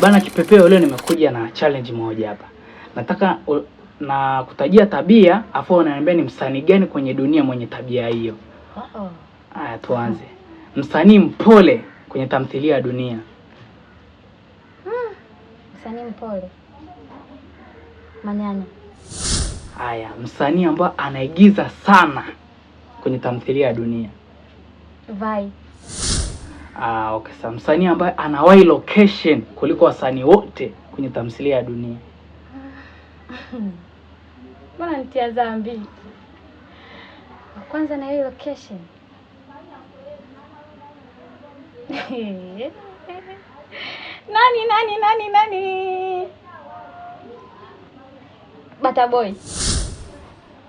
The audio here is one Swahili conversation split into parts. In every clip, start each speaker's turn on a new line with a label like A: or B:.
A: Bana Kipepeo, leo nimekuja na challenge moja hapa. Nataka na kutajia tabia afu unaniambia ni msanii gani kwenye dunia mwenye tabia hiyo. Haya, tuanze. Msanii mpole kwenye tamthilia ya dunia.
B: Hmm, msanii mpole. Manyanya.
A: Haya, msanii ambaye anaigiza sana kwenye tamthilia ya dunia. Vai. Uh, okay, msanii ambaye anawahi location kuliko wasanii wote kwenye tamthilia ya dunia.
B: Mbona nitia dhambi? Kwanza na hiyo location. Nani nani nani nani? Bata Boy.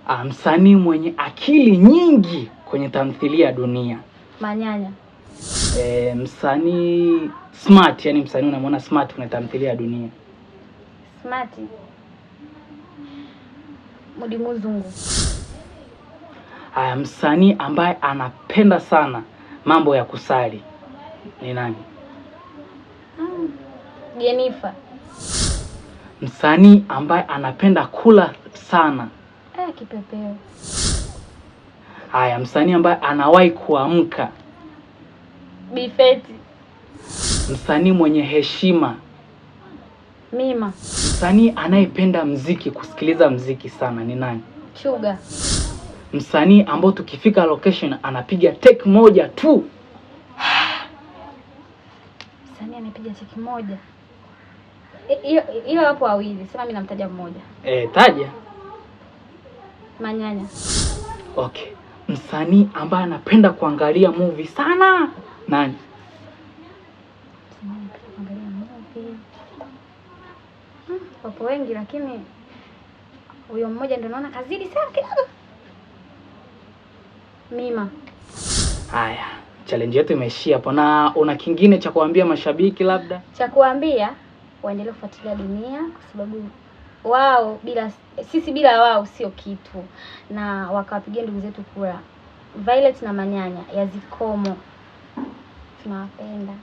A: Ah, msanii mwenye akili nyingi kwenye tamthilia ya dunia. Manyanya e, msanii smart, yani msanii unamwona smart kwenye tamthilia ya dunia?
B: Smart Mudi Muzungu.
A: Haya, msanii ambaye anapenda sana mambo ya kusali ni nani?
B: Mm,
A: Msanii ambaye anapenda kula sana
B: eh, kipepeo.
A: Haya, msanii ambaye anawahi kuamka Bifeti. Msanii mwenye heshima. Mima. Msanii anayependa mziki, kusikiliza mziki sana ni nani? Chuga. Msanii ambao tukifika location anapiga take moja tu.
B: Msanii anapiga take moja. Hiyo hapo wawili, sema mimi namtaja mmoja.
A: E, taja. Manyanya. Okay. Msanii ambaye anapenda kuangalia movie sana. Nani?
B: Wapo wengi lakini huyo mmoja ndio naona kazidi sana kidogo. Mima.
A: Haya, challenge yetu imeishia hapo, na una kingine cha kuambia mashabiki? Labda
B: cha kuambia waendelee kufuatilia Dunia kwa sababu wao bila sisi, bila wao sio kitu, na wakawapigia ndugu zetu kura Violet na Manyanya yazikomo mapenda.